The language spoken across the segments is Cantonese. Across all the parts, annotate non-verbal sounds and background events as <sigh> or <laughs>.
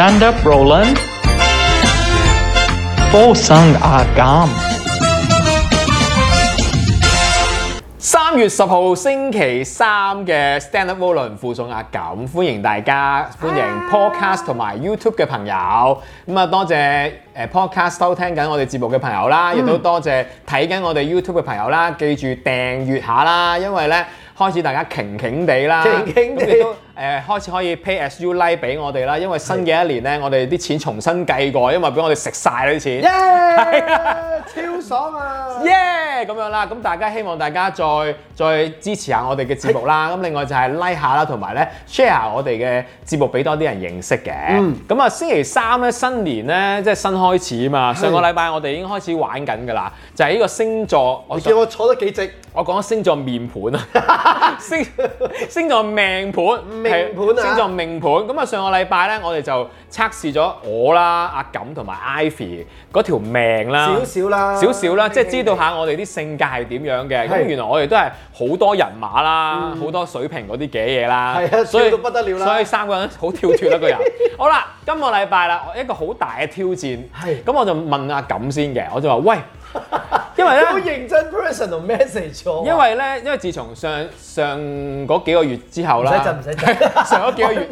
Stand up, Roland。附送阿 Gam。三月十號星期三嘅 Stand up, Roland 附送阿 Gam，歡迎大家，歡迎 Podcast 同埋 YouTube 嘅朋友。咁啊，多謝誒 Podcast 收聽緊我哋節目嘅朋友啦，亦都多謝睇緊我哋 YouTube 嘅朋友啦。記住訂閱下啦，因為咧開始大家傾傾地啦，傾傾地。 <laughs> 誒開始可以 pay as you like 俾我哋啦，因為新嘅一年呢，的我哋啲錢重新計過，因為俾我哋食晒啦啲錢，係啊，超爽啊，耶！Yeah! 咁樣啦，咁大家希望大家再再支持下我哋嘅節目啦。咁另外就係 like 下啦，同埋咧 share 我哋嘅節目俾多啲人認識嘅。咁啊，星期三咧新年咧即係新開始啊嘛。上個禮拜我哋已經開始玩緊㗎啦，就係呢個星座。我叫我坐得幾直。我講星座面盤啊，星星座命盤，命盤啊，星座命盤。咁啊，上個禮拜咧我哋就測試咗我啦、阿錦同埋 Ivy 嗰條命啦，少少啦，少少啦，即係知道下我哋啲性格係點樣嘅？咁是的 原來我哋都係好多人馬啦，好、嗯、多水平嗰啲嘅嘢啦。係啊的，所以都不得了啦。所以三個人好跳脫嘅一個人。 <laughs> 好啦，今個禮拜啦，一個好大嘅挑戰。係。咁我就問阿錦先嘅，我就話：喂。 <laughs> 因為咧，好認真 personal message 喎。因為咧，因為自從上上嗰幾個月之後啦，唔使浸，唔使浸。上嗰幾個月，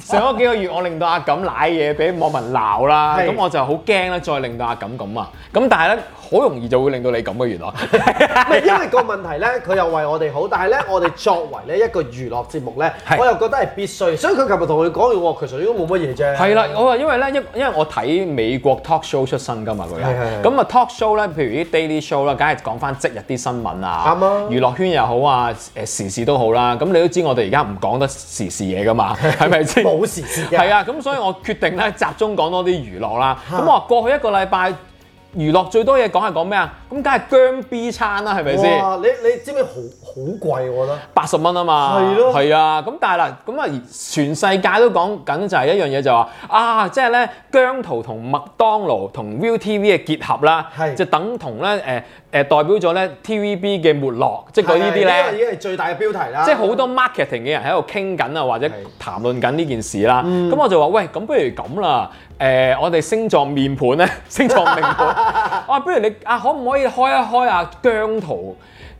上嗰幾個月我令到阿錦賴嘢俾網民鬧啦，咁我就好驚啦，再令到阿錦咁啊。咁但係咧，好容易就會令到你咁嘅原來。因為個問題咧，佢又為我哋好，但係咧，我哋作為咧一個娛樂節目咧，我又覺得係必須，所以佢琴日同我講嘅，其實都冇乜嘢啫。係啦，我話因為咧，因因為我睇美國 talk show 出身㗎嘛，佢，咁啊 talk show 咧，譬如 Daily Show 啦，梗係講返即日啲新聞啊！啱啊吧！娛樂圈又好啊，誒時事都好啦。咁你都知我哋而家唔講得時事嘢㗎嘛？係咪先？冇時事嘅。係啊，咁所以我決定咧集中講多啲娛樂啦。咁 <laughs> 我話過去一個禮拜娛樂最多嘢講係講咩啊？咁梗係姜 B 餐啦，係咪先？你你知唔知好？好貴，我覺得八十蚊啊嘛，係咯的，係啊，咁但係啦，咁啊全世界都講緊就係一樣嘢就話、是、啊，即係咧姜濤同麥當勞同 ViuTV 嘅結合啦，係是就等同咧誒誒代表咗咧 TVB 嘅沒落，即係佢呢啲咧，因為已經係最大嘅標題啦，即係好多 marketing 嘅人喺度傾緊啊，或者談論緊呢件事啦，咁的、嗯、我就話喂，咁不如咁啦，誒、呃、我哋星座面盤咧，星座名盤，我話、 <laughs> <laughs> 啊、不如你啊，可唔可以開一開啊姜濤？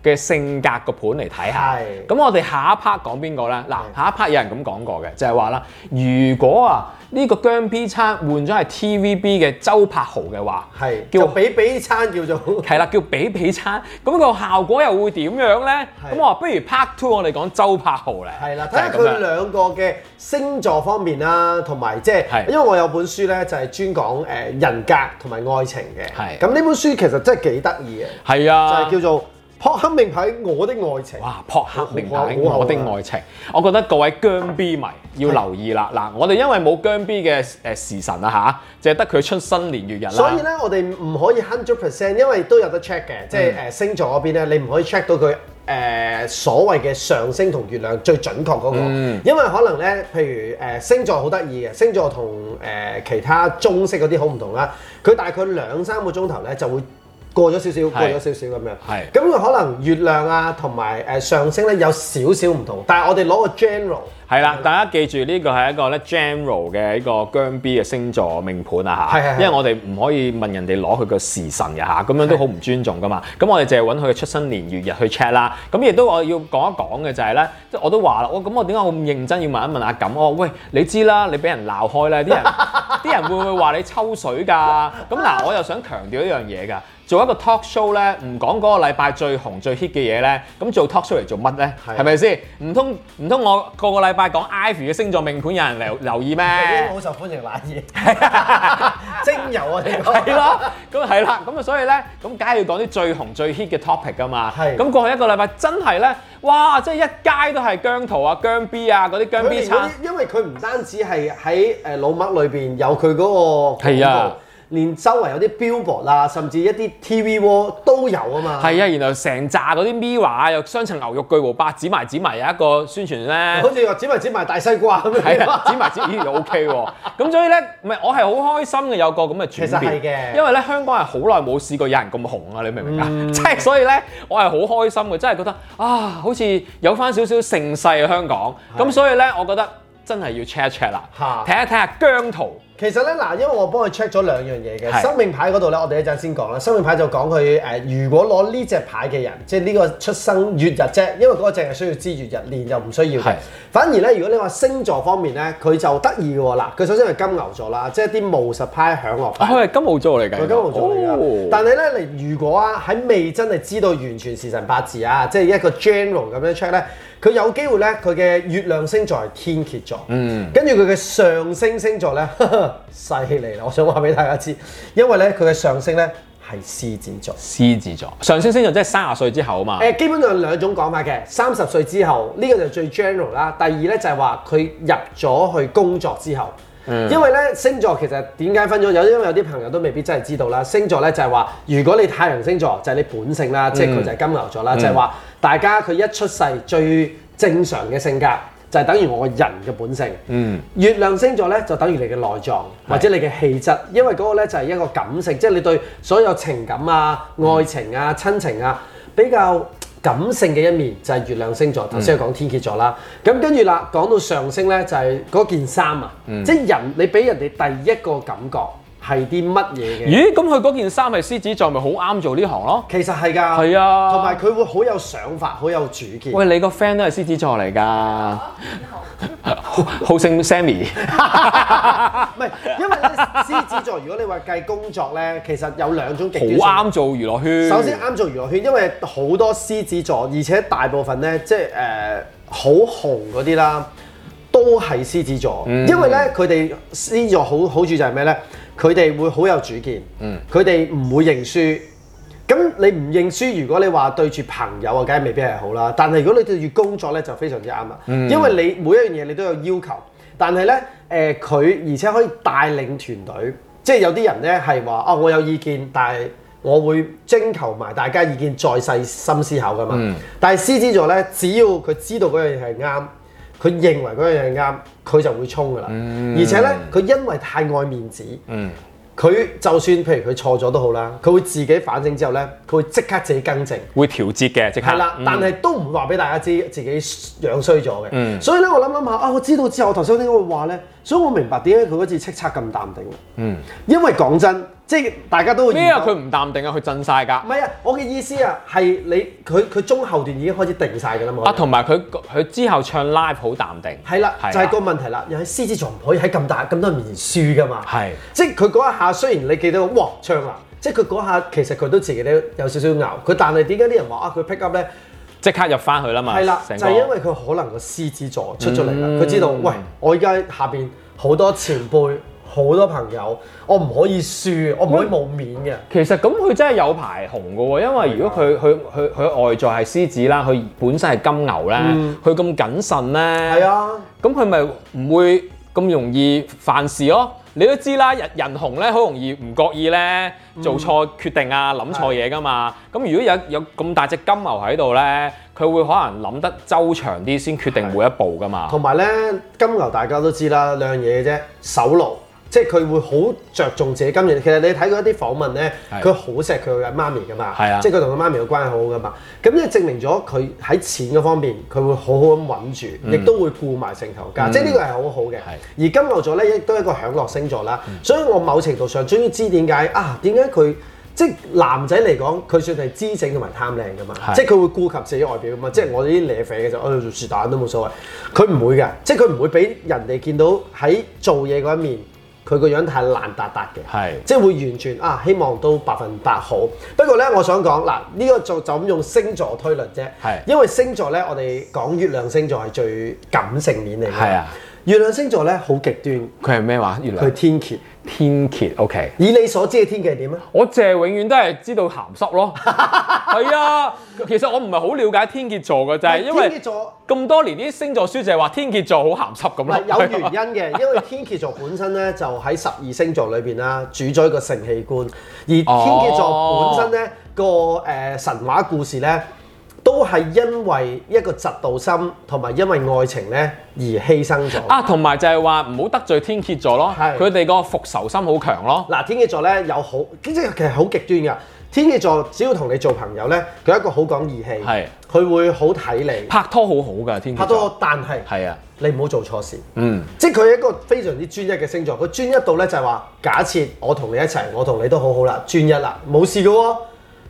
嘅性格個盤嚟睇下是，咁我哋下一 part 講邊個咧？嗱，下一 part 有人咁講過嘅，就係話啦，如果啊呢個姜 B 餐換咗係 TVB 嘅周柏豪嘅話叫，係就比比餐叫做係啦，叫比比餐，咁個效果又會點樣咧？咁是我話不如 part two 我哋講周柏豪咧，係啦，睇下佢兩個嘅星座方面啦，同埋即係因為我有本書咧，就係專講誒人格同埋愛情嘅，係咁呢本書其實真係幾得意嘅，係啊的，就係叫做。破克名牌，命我的愛情。哇！破克名牌，好好啊、我的愛情。我覺得各位姜 B 迷要留意啦。嗱是，我哋因為冇姜 B 嘅誒時辰啦吓，淨係得佢出生年月日啦。所以咧，我哋唔可以 hundred percent，因為都有得 check 嘅，嗯、即係誒星座嗰邊咧，你唔可以 check 到佢誒、呃、所謂嘅上升同月亮最準確嗰、那個。嗯、因為可能咧，譬如誒星座好得意嘅，星座同誒其他中式嗰啲好唔同啦。佢大概兩三個鐘頭咧就會。過咗少少，過咗少少咁是樣，咁佢是可能月亮啊同埋誒上升咧有少少唔同，但係我哋攞個 general。係啦，大家記住呢個係一個咧 general 嘅一個姜 B 嘅星座命盤啊嚇，因為我哋唔可以問人哋攞佢個時辰呀嚇，咁樣都好唔尊重噶嘛。咁我哋淨係揾佢嘅出生年月日去 check 啦。咁亦都我要講一講嘅就係咧，即係我都話啦，我咁我點解我咁認真要問一問阿錦我？喂，你知啦，你俾人鬧開咧，啲人啲人會唔會話你抽水㗎？咁嗱，我又想強調一樣嘢㗎，做一個 talk show 咧，唔講嗰個禮拜最紅最 hit 嘅嘢咧，咁做 talk show 嚟做乜咧？係咪先？唔通唔通我個個禮？講 Ivy 嘅星座命盤，有人留留意咩？好受歡迎嗱嘢， <laughs> 精油啊，係咯。咁 <laughs> 啊係啦，咁啊所以咧，咁梗係要講啲最紅最 hit 嘅 topic 㗎嘛。係的。咁過去一個禮拜真係咧，哇！即係一街都係姜濤啊、姜 B 啊、嗰啲姜 B 餐。因為佢唔單止係喺誒老麥裏邊有佢嗰個。係啊。連周圍有啲 billboard 啦，甚至一啲 TV 窩、啊、都有啊嘛。係啊，然後成扎嗰啲 Mirror 又雙層牛肉巨無霸紙埋紙埋有一個宣傳咧，好似話紙埋紙埋大西瓜咁樣。係、嗯嗯 OK、啊，紙埋紙埋 OK 喎。咁所以咧，唔係我係好開心嘅，有個咁嘅轉變。其實係嘅，因為咧香港係好耐冇試過有人咁紅啊，你明唔明啊？即係所以咧，我係好開心嘅，真係覺得啊，好似有翻少少盛世嘅香港。咁所以咧，我覺得真係要 check 一 check 啦，睇一睇下姜濤。看看其實咧，嗱，因為我幫佢 check 咗兩樣嘢嘅是生命牌嗰度咧，我哋一陣先講啦。生命牌就講佢誒、呃，如果攞呢隻牌嘅人，即係呢個出生月日啫，因為嗰個淨係需要知月日，年就唔需要。反而咧，如果你話星座方面咧，佢就得意嘅喎啦。佢首先係金牛座啦，即係啲務實派、享樂派。佢係金牛座嚟嘅，佢金牛座嚟嘅。但係咧，你如果啊喺未真係知道完全時辰八字啊，即係一個 general 咁樣 check 咧，佢有機會咧，佢嘅月亮星座係天蠍座。嗯，跟住佢嘅上升星座咧，呵呵，犀利啦！我想話俾大家知，因為咧佢嘅上升咧。係獅子座，獅子座上升星，星座即係三十歲之後啊嘛。誒、呃，基本上兩種講法嘅，三十歲之後呢、這個就最 general 啦。第二呢，就係話佢入咗去工作之後，嗯、因為呢星座其實點解分咗？有因為有啲朋友都未必真係知道啦。星座呢，就係話，如果你太陽星座就係、是、你本性啦，即係佢就係、是、金牛座啦，嗯、就係話大家佢一出世最正常嘅性格。就等於我個人嘅本性，嗯、月亮星座咧就等於你嘅內臟或者你嘅氣質，是因為嗰個咧就係、是、一個感性，即、就、係、是、你對所有情感啊、愛情啊、親、嗯、情啊比較感性嘅一面就係、是、月亮星座。頭先講天蠍座啦，咁跟住啦講到上升咧就係、是、嗰件衫啊，嗯、即係人你俾人哋第一個感覺。係啲乜嘢嘅？咦？咁佢嗰件衫係獅子座咪好啱做呢行咯？其實係㗎，係啊，同埋佢會好有想法，好有主見。喂，你個 friend 都係獅子座嚟㗎。 <laughs> <laughs> 好，好姓 Sammy。唔係， <laughs> <laughs> 因為咧獅子座，如果你話計工作咧，其實有兩種極端。好啱做娛樂圈。首先啱做娛樂圈，因為好多獅子座，而且大部分咧即係誒好紅嗰啲啦，都係獅子座。 <laughs> 因為咧佢哋獅子座好好處就係咩咧？佢哋會好有主見，佢哋唔會認輸。咁你唔認輸，如果你話對住朋友啊，梗係未必係好啦。但係如果你對住工作呢就非常之啱啦。嗯、因為你每一樣嘢你都有要求，但係呢，誒、呃、佢而且可以帶領團隊，即係有啲人呢係話啊我有意見，但係我會徵求埋大家意見再細心思考噶嘛。嗯、但係獅子座呢，只要佢知道嗰樣嘢係啱。佢認為嗰樣嘢啱，佢就會衝噶啦。嗯、而且咧，佢因為太愛面子，佢、嗯、就算譬如佢錯咗都好啦，佢會自己反省之後咧，佢會即刻自己更正，會調節嘅，即刻。係、嗯、啦，但係都唔話俾大家知自己樣衰咗嘅。嗯、所以咧，我諗諗下啊，我知道之後，我頭先點解會話咧？所以我明白點解佢嗰次叱咤咁淡定。嗯，因為講真。即係大家都會。咩啊？佢唔淡定啊！佢震晒㗎。唔係啊，我嘅意思啊，係你佢佢中後段已經開始定晒㗎啦嘛。啊，同埋佢佢之後唱 live 好淡定。係啦，啊、就係個問題啦。又係獅子座唔可以喺咁大咁多人面前輸㗎嘛。係是。即係佢嗰一下，雖然你記得，哇，唱啦！即係佢嗰下，其實佢都自己都有少少牛。佢但係點解啲人話啊？佢 pick up 咧，即刻入翻去啦嘛。係啦，個就係因為佢可能個獅子座出咗嚟啦，佢、嗯、知道，喂，我而家下邊好多前輩。好多朋友，我唔可以輸，我唔可以冇面嘅。其實咁佢真係有排紅㗎喎，因為如果佢佢佢佢外在係獅子啦，佢本身係金牛咧，佢咁謹慎咧，係啊，咁佢咪唔會咁容易犯事咯？你都知啦，人紅咧好容易唔覺意咧做錯決定啊，諗錯嘢㗎嘛。咁如果有有咁大隻金牛喺度咧，佢會可能諗得周長啲先決定每一步㗎嘛。同埋咧，金牛大家都知啦，兩樣嘢啫，守牢。即係佢會好着重自己金錢。其實你睇過一啲訪問咧，佢好錫佢嘅媽咪噶嘛。係啊，即係佢同佢媽咪嘅關係好好噶嘛。咁即係證明咗佢喺錢嗰方面，佢會好好咁穩住，亦、嗯、都會顧埋成頭家。嗯、即係是的 呢個係好好嘅。而金牛座咧，亦都係一個享樂星座啦。嗯、所以我某程度上終於知點解啊，點解佢即係男仔嚟講，佢算係知整同埋貪靚噶嘛。是的 即係佢會顧及自己外表啊嘛。嗯、即係我哋啲瀨肥嘅就，我哋做舌蛋都冇所謂。佢唔會嘅，即係佢唔會俾人哋見到喺做嘢嗰一面。佢個樣太爛達達嘅，是即係會完全啊！希望都百分百好。不過呢，我想講嗱，呢個就就咁用星座推論啫。係是，因為星座呢，我哋講月亮星座係最感性面嚟嘅。係啊。月亮星座咧好極端，佢係咩話？月亮佢天蠍。天蠍 OK。以你所知嘅天蠍係點啊？我淨係永遠都係知道鹹濕咯。係 <laughs> 啊，其實我唔係好了解天蠍座嘅啫，天蠍座因為咁多年啲星座書就係話天蠍座好鹹濕咁啦。有原因嘅， <laughs> 因為天蠍座本身咧就喺十二星座裏邊啦，主宰一個性器官，而天蠍座本身咧個誒神話故事咧。都係因為一個嫉妒心，同埋因為愛情呢而犧牲咗。啊，同埋就係話唔好得罪天蠍座咯。係。佢哋個復仇心好強咯。嗱，天蠍座呢有好，即係其實好極端㗎。天蠍座只要同你做朋友呢，佢一個好講義氣，佢的會好睇你。拍拖，拍拖好好㗎，天蠍。拍拖，但係。係啊。你唔好做錯事。的嗯。即係佢係一個非常之專一嘅星座，佢專一到呢就係話：假設我同你一齊，我同你都好好啦，專一啦，冇事嘅喎。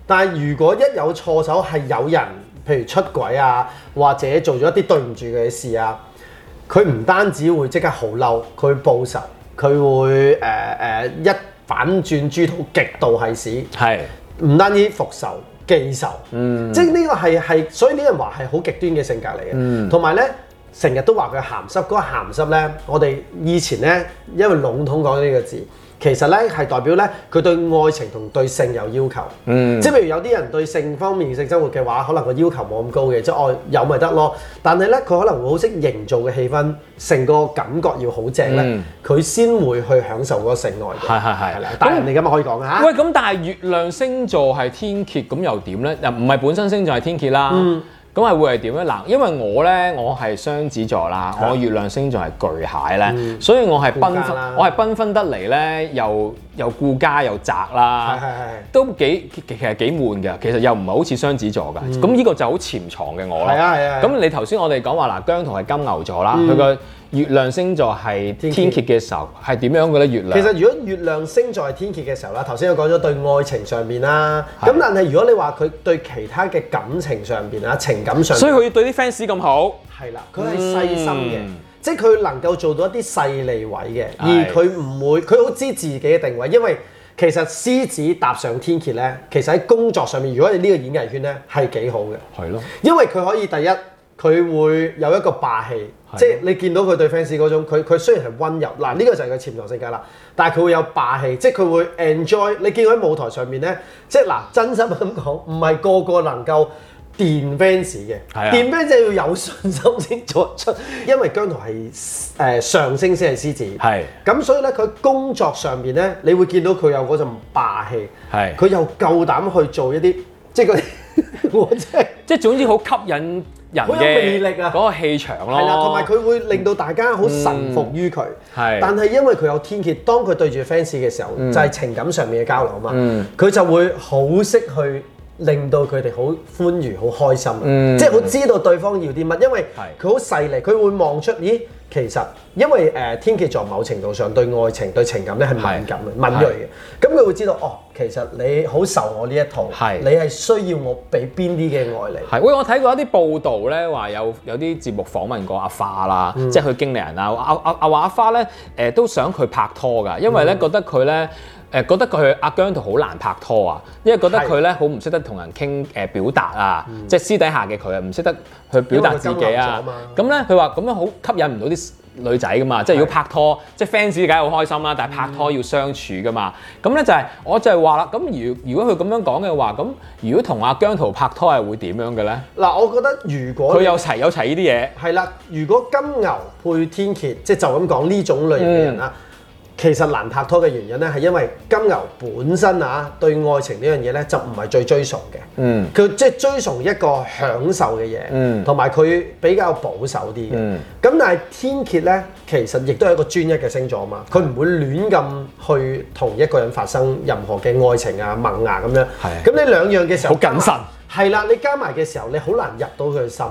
但係如果一有錯手，係有，有人。譬如出軌啊，或者做咗一啲對唔住佢嘅事啊，佢唔單止會即刻好嬲，佢報仇，佢會誒誒、呃呃、一反轉豬頭極度係屎，係唔單止復仇記仇，嗯，即係呢個係係，所以啲人話係好極端嘅性格嚟嘅，同埋咧成日都話佢鹹濕，嗰鹹濕咧，我哋以前咧因為籠統講呢個字。其實咧係代表咧，佢對愛情同對性有要求。嗯，即係譬如有啲人對性方面、性生活嘅話，可能個要求冇咁高嘅，即、就、係、愛、有咪得咯。但係咧，佢可能會好識營造嘅氣氛，成個感覺要好正咧，佢、嗯、先會去享受嗰個性愛。係係係。咁你今日可以講吓？那啊、喂，咁但係月亮星座係天蠍，咁又點咧？又唔係本身星座係天蠍啦。嗯咁係會係點咧？嗱，因為我咧，我係雙子座啦，的我月亮星座係巨蟹咧，嗯、所以我係紛，我係紛紛得嚟咧，又又顧家又宅啦，的都幾其實幾悶嘅，其實又唔係好似雙子座噶。咁呢、嗯、個就好潛藏嘅我啦。咁你頭先我哋講話嗱，姜濤係金牛座啦，佢個、嗯。月亮星座係天蠍嘅時候係點蠍樣嘅咧？月亮其實如果月亮星座係天蠍嘅時候啦，頭先我講咗對愛情上面啦，咁的但係如果你話佢對其他嘅感情上面啊、情感上面，所以佢要對啲 fans 咁好，係啦，佢係細心嘅，嗯、即係佢能夠做到一啲細利位嘅，而佢唔會，佢好知自己嘅定位，因為其實獅子踏上天蠍咧，其實喺工作上面，如果你呢個演藝圈咧係幾好嘅，係咯的，因為佢可以第一佢會有一個霸氣。即係你見到佢對 fans 嗰種，佢佢雖然係溫柔，嗱呢、這個就係佢潛藏世界啦。但係佢會有霸氣，即係佢會 enjoy。你見佢喺舞台上面咧，即係嗱，真心咁講，唔係個個能夠電 fans 嘅。啊、電 fans 要有信心先作出，因為姜濤係誒上升先係獅子。係是。咁所以咧，佢工作上邊咧，你會見到佢有嗰種霸氣。係是。佢又夠膽去做一啲，即係佢，我 <laughs> 即係，即係總之好吸引。好有魅力啊！嗰個氣場咯，係啦、啊，同埋佢會令到大家好臣服於佢。係、嗯，但係因為佢有天蠍，當佢對住 fans 嘅時候，嗯、就係情感上面嘅交流啊嘛。佢、嗯、就會好識去，令到佢哋好歡愉、好開心，嗯、即係好知道對方要啲乜，因為佢好細膩，佢會望出，咦，其實因為誒、呃、天蠍座某程度上對愛情、對情感咧係敏感嘅、是敏鋭嘅，咁佢是會知道哦，其實你好受我呢一套，是你係需要我俾邊啲嘅愛嚟？係喂，我睇過一啲報道呢，話有有啲節目訪問過阿花啦，嗯、即係佢經理人啦，阿阿阿阿花呢，都想佢拍拖噶，因為呢覺得佢呢。嗯誒覺得佢阿姜濤好難拍拖啊，因為覺得佢咧好唔識得同人傾誒表達啊，的即係私底下嘅佢啊唔識得去表達自己啊。咁咧佢話咁樣好吸引唔到啲女仔噶嘛，即係如果拍拖，的即係 fans 梗係好開心啦，但係拍拖要相處噶嘛。咁咧、嗯、就係我就係話啦，咁如如果佢咁樣講嘅話，咁如果同阿姜濤拍拖係會點樣嘅咧？嗱，我覺得如果佢有齊有齊呢啲嘢，係啦，如果金牛配天蠍，即係就咁講呢種類型嘅人啦。嗯其實難拍拖嘅原因咧，係因為金牛本身啊，對愛情呢樣嘢咧就唔係最追崇嘅。嗯，佢即係追崇一個享受嘅嘢。嗯，同埋佢比較保守啲嘅。嗯，咁但係天蠍呢，其實亦都係一個專一嘅星座嘛。佢唔、嗯、會亂咁去同一個人發生任何嘅愛情啊萌芽咁樣。係的。咁呢兩樣嘅時候好謹慎。係啦，你加埋嘅時候，你好難入到佢心，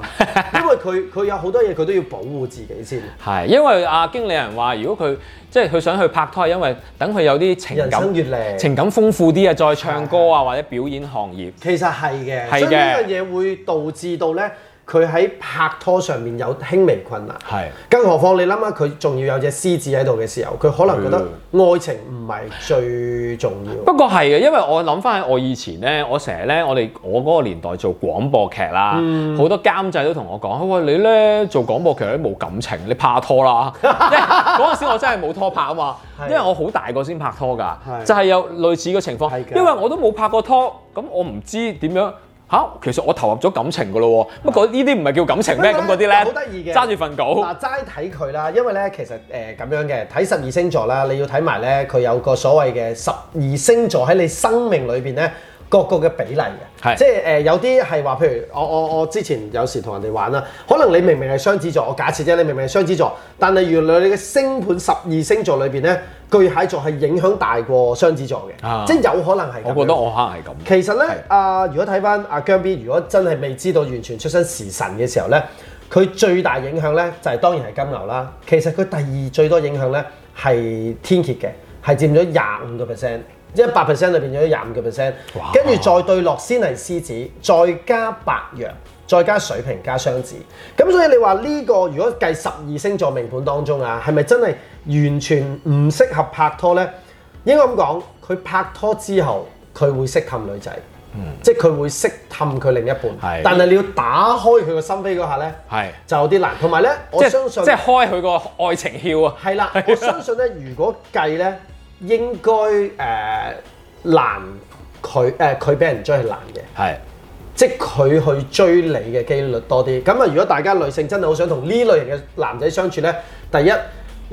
因為佢佢有好多嘢，佢都要保護自己先。係， <laughs> 因為阿、啊、經理人話，如果佢即係佢想去拍拖，係因為等佢有啲情感、越情感豐富啲啊，再唱歌啊或者表演行業，其實係嘅。係嘅的，所以呢樣嘢會導致到咧。佢喺拍拖上面有輕微困難，係是，更何況你諗下佢仲要有隻獅子喺度嘅時候，佢可能覺得愛情唔係最重要。不過係嘅，因為我諗翻起我以前呢，我成日呢，我哋我嗰個年代做廣播劇啦，好、嗯、多監製都同我講：喂，你呢做廣播劇都冇感情，你拍拖啦。嗰陣 <laughs> 時我真係冇拖拍啊嘛，因為我好大個先拍拖㗎，的就係有類似嘅情況，的因為我都冇拍過拖，咁我唔知點樣。嚇、啊，其實我投入咗感情噶咯喎，不過呢啲唔係叫感情咩？咁嗰啲咧，好得意嘅，揸住份稿。嗱、啊，齋睇佢啦，因為咧，其實誒咁、呃、樣嘅睇十二星座啦，你要睇埋咧，佢有個所謂嘅十二星座喺你生命裏邊咧。各個嘅比例嘅，是即係誒有啲係話，譬如我我我之前有時同人哋玩啦，可能你明明係雙子座，我假設啫，你明明係雙子座，但係原來你嘅星盤十二星座裏邊咧，巨蟹座係影響大過雙子座嘅，的即係有可能係咁。我覺得我可能係咁。其實咧，阿的、啊、如果睇翻阿姜 B，如果真係未知道完全出生時辰嘅時候咧，佢最大影響咧就係、是、當然係金牛啦。其實佢第二最多影響咧係天蠍嘅，係佔咗廿五個 percent。一百 percent 裏邊有啲廿五個 percent，跟住再對落先係獅子，再加白羊，再加水瓶，加雙子。咁所以你話呢個如果計十二星座命盤當中啊，係咪真係完全唔適合拍拖呢？應該咁講，佢拍拖之後佢會識氹女仔，mm. 即係佢會識氹佢另一半。是但係你要打開佢個心扉嗰下呢，是就有啲難。同埋呢，我相信即係開佢個愛情竅啊。係啦，我相信呢， <laughs> 如果計呢。應該誒、呃、難佢誒佢俾人追係難嘅，係嘅，即佢去追你嘅機率多啲。咁啊，如果大家女性真係好想同呢類型嘅男仔相處呢，第一，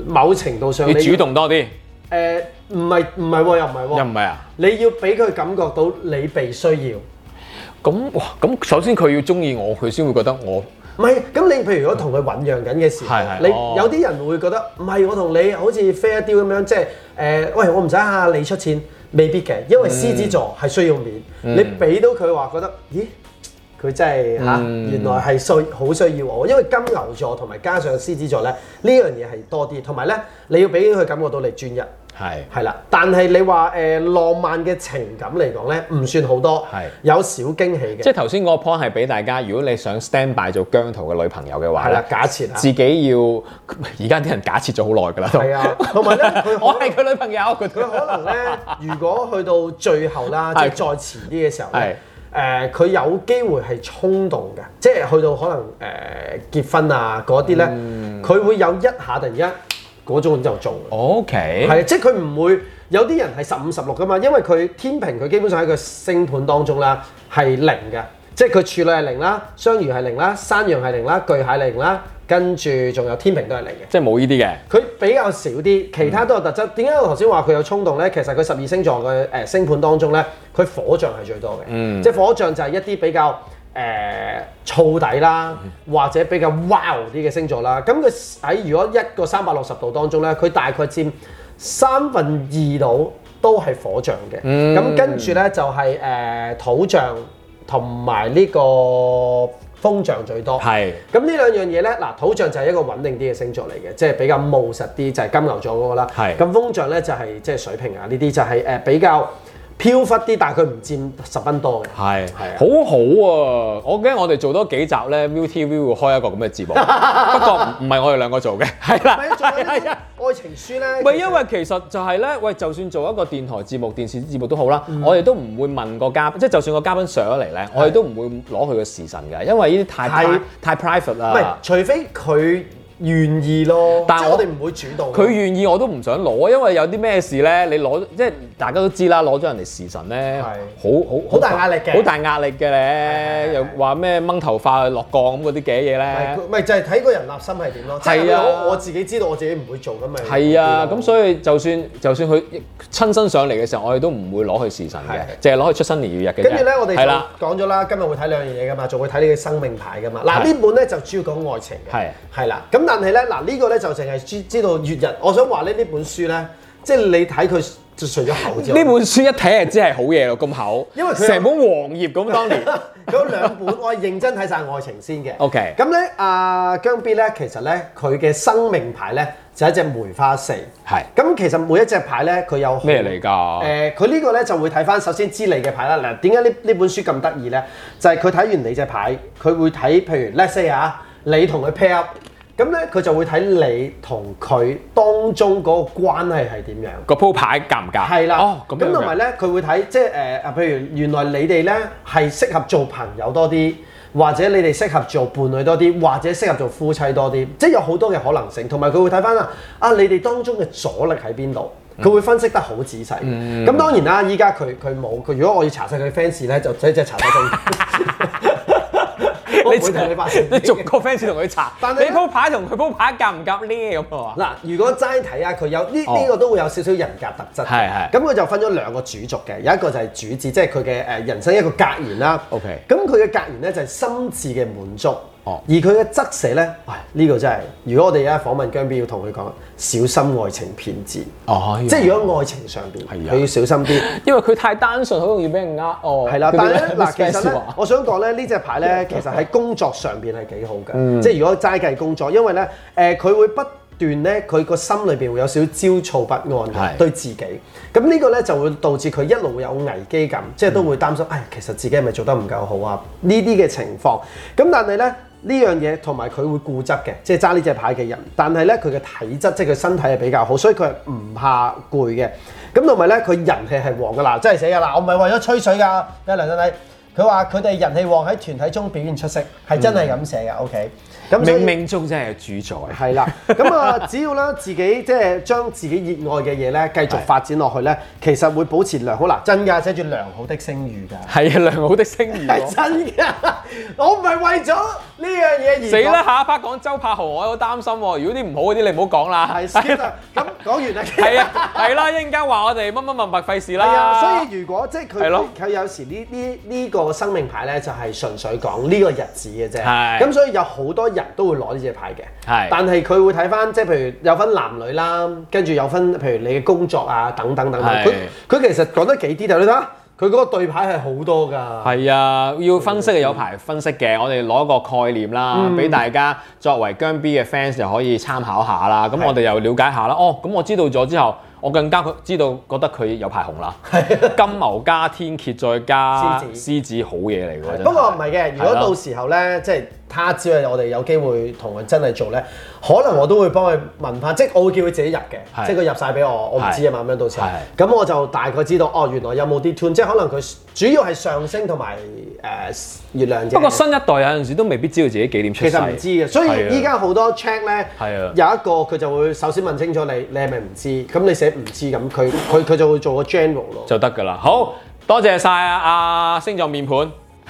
某程度上你，你主動多啲。誒唔係唔係又唔係喎，又唔係、哦、啊！你要俾佢感覺到你被需要。咁哇，咁首先佢要中意我，佢先會覺得我。唔係，咁你譬如如果同佢醞釀緊嘅時候，是是你有啲人會覺得唔係、哦、我同你好似 fair deal 咁樣，即係誒、呃，喂我唔使嚇你出錢，未必嘅，因為獅子座係需要面，嗯、你俾到佢話覺得，咦，佢真係嚇，嗯、原來係需好需要我，因為金牛座同埋加上獅子座咧，樣呢樣嘢係多啲，同埋咧你要俾佢感覺到你專一。係，係啦，但係你話誒、呃、浪漫嘅情感嚟講咧，唔算好多，的有少驚喜嘅。即係頭先嗰個 point 係俾大家，如果你想 stand by 做姜濤嘅女朋友嘅話，係啦，假設自己要，而家啲人假設咗好耐噶啦，係啊，同埋咧， <laughs> 我係佢女朋友，佢可能咧， <laughs> 如果去到最後啦， <laughs> 即係再遲啲嘅時候咧，誒的，佢的、呃、有機會係衝動嘅，即係去到可能誒結婚啊嗰啲咧，佢、嗯、會有一下突然間。嗰種就做，OK，係即係佢唔會有啲人係十五十六㗎嘛，因為佢天秤佢基本上喺個星盤當中啦係零嘅，即係佢處女係零啦，雙魚係零啦，山羊係零啦，巨蟹零啦，跟住仲有天秤都係零嘅，即係冇呢啲嘅。佢比較少啲，其他都有特質。點解、嗯、我頭先話佢有衝動呢？其實佢十二星座嘅誒星盤當中呢，佢火象係最多嘅，嗯、即係火象就係一啲比較。誒、呃、燥底啦，或者比較 wow 啲嘅星座啦，咁佢喺如果一個三百六十度當中咧，佢大概佔三分二度都係火象嘅，咁、嗯、跟住咧就係、是、誒、呃、土象同埋呢個風象最多。係是，咁呢兩樣嘢咧，嗱土象就係一個穩定啲嘅星座嚟嘅，即、就、係、是、比較務實啲，就係、是、金牛座嗰、那個啦。係是，咁風象咧就係即係水平啊，呢啲就係、是、誒比較。飄忽啲，但係佢唔佔十分多嘅，係係是、啊、好好啊！我驚我哋做多幾集咧 ViuTV 會開一個咁嘅節目， <laughs> 不過唔係我哋兩個做嘅，係啦，係啊，啊愛情書咧，唔係、啊啊、因為其實就係咧，喂，就算做一個電台節目、電視節目都好啦，嗯、我哋都唔會問個嘉，即係就算個嘉賓上咗嚟咧，我哋都唔會攞佢嘅時辰㗎，啊、因為呢啲太太 private 啦，喂！除非佢。願意咯，但係我哋唔會主動。佢願意我都唔想攞，因為有啲咩事咧？你攞即係大家都知啦，攞咗人哋時辰咧，好好好大壓力嘅，好大壓力嘅咧，又話咩掹頭髮落降咁嗰啲嘅嘢咧？唔係就係睇個人立心係點咯。係啊，我自己知道我自己唔會做咁咪。係啊，咁所以就算就算佢親身上嚟嘅時候，我哋都唔會攞佢時辰嘅，淨係攞佢出生年月日嘅。跟住咧，我哋講咗啦，今日會睇兩樣嘢噶嘛，仲會睇你嘅生命牌噶嘛。嗱呢本咧就主要講愛情嘅，係啦咁。但係咧，嗱、這個、呢個咧就淨係知知道月日。我想話咧，呢本書咧，即係你睇佢就除咗厚字。呢本書一睇係真係好嘢咯，咁厚。因為成本黃頁咁，當年嗰兩 <laughs> 本 <laughs> 我係認真睇晒愛情先嘅。O Okay . K。咁、啊、咧，阿姜 B 咧，其實咧佢嘅生命牌咧就係、一隻梅花四。係是。咁其實每一隻牌咧，佢有咩嚟㗎？誒么，佢、呃、呢個咧就會睇翻首先知你嘅牌啦。嗱，點解呢呢本書咁得意咧？就係佢睇完你隻牌，佢會睇譬如 let's say 啊，你同佢 pair up。咁咧，佢就會睇你同佢當中嗰個關係係點樣？個鋪牌夾唔夾？係啦的。哦，咁樣。咁同埋咧，佢會睇即係誒誒，譬、呃、如原來你哋咧係適合做朋友多啲，或者你哋適合做伴侶多啲，或者適合做夫妻多啲，即係有好多嘅可能性。同埋佢會睇翻啊啊，你哋當中嘅阻力喺邊度？佢、嗯、會分析得好仔細。咁、嗯、當然啦，依家佢佢冇。佢如果我要查曬佢 fans 咧，就真係查唔到。你會同你發生，你逐個 fans 同佢查。 <laughs> 但你鋪牌同佢鋪牌夾唔夾呢？咁係嗱，如果齋睇下，佢有呢呢、這個都會有少少人格特質。係係、哦。咁佢就分咗兩個主軸嘅，有一個就係主智，即係佢嘅誒人生一個格言啦。OK。咁佢嘅格言咧就係心智嘅滿足。而佢嘅側寫咧，呢、哎這個真係，如果我哋而家訪問姜 B，要同佢講小心愛情騙子，哦哎、即係如果愛情上邊佢、哎、呀要小心啲，因為佢太單純，好容易俾人呃。哦，係啦，但係咧嗱，其實咧，我想講咧，呢隻牌咧，其實喺工作上邊係幾好嘅，嗯、即係如果齋計工作，因為咧，誒、呃、佢會不斷咧，佢個心裏邊會有少少焦躁不安嘅，的對自己，咁呢個咧就會導致佢一路有危機感，即係都會擔心，唉、哎，其實自己係咪做得唔夠好啊？呢啲嘅情況，咁但係咧。呢樣嘢同埋佢會固執嘅，即係揸呢隻牌嘅人。但係咧，佢嘅體質即係佢身體係比較好，所以佢係唔怕攰嘅。咁同埋咧，佢人氣係旺噶啦，真係寫噶啦，我唔係為咗吹水㗎。有嚟睇睇，佢話佢哋人氣旺喺團體中表現出色，係真係咁寫嘅。O K、嗯。OK? 咁冥冥中真係主宰。係 <laughs> 啦，咁啊，只要咧自己即係、就是、將自己熱愛嘅嘢咧繼續發展落去咧，是其實會保持良好嗱，真㗎寫住良好的聲譽㗎。係啊，良好的聲譽。係真㗎，我唔係為咗呢樣嘢而死啦！下一 part 講周柏豪，我好擔心喎。如果啲唔好嗰啲，你唔好講啦。係，咁講完大家。係啊，係啦、啊，一陣間話我哋乜乜物物白費事啦。係啊，所以如果即係佢佢有時呢呢呢個生命牌咧，就係純粹講呢個日子嘅啫。係的。咁的所以有好多人。都會攞呢隻牌嘅，是但係佢會睇返，即係譬如有分男女啦，跟住有分譬如你嘅工作啊等等等等，佢佢是其實講得幾啲，就係你睇佢嗰個對牌係好多㗎。係啊，要分析嘅有排分析嘅，我哋攞一個概念啦，俾、嗯、大家作為姜 B 嘅 fans 又可以參考下啦。咁我哋又了解下啦。是哦，咁我知道咗之後，我更加知道覺得佢有排紅啦。啊、金牛加天蠍再加獅子，獅子好嘢嚟㗎。不過唔係嘅，如果到時候咧，即、就、係、是。他知係我哋有機會同佢真係做咧，可能我都會幫佢問翻，即係我會叫佢自己入嘅，的即係佢入晒俾我，我唔知啊嘛的。咁樣到時，咁的我就大概知道，哦，原來有冇啲 turn，即係可能佢主要係上升同埋誒月亮。不過新一代有陣時都未必知道自己幾點出世。其實唔知嘅，所以依家好多 check 咧，的有一個佢就會首先問清楚你，你係咪唔知？咁你寫唔知咁，佢佢佢就會做個 general 咯，就得㗎啦。好多謝晒啊，阿星座名盤。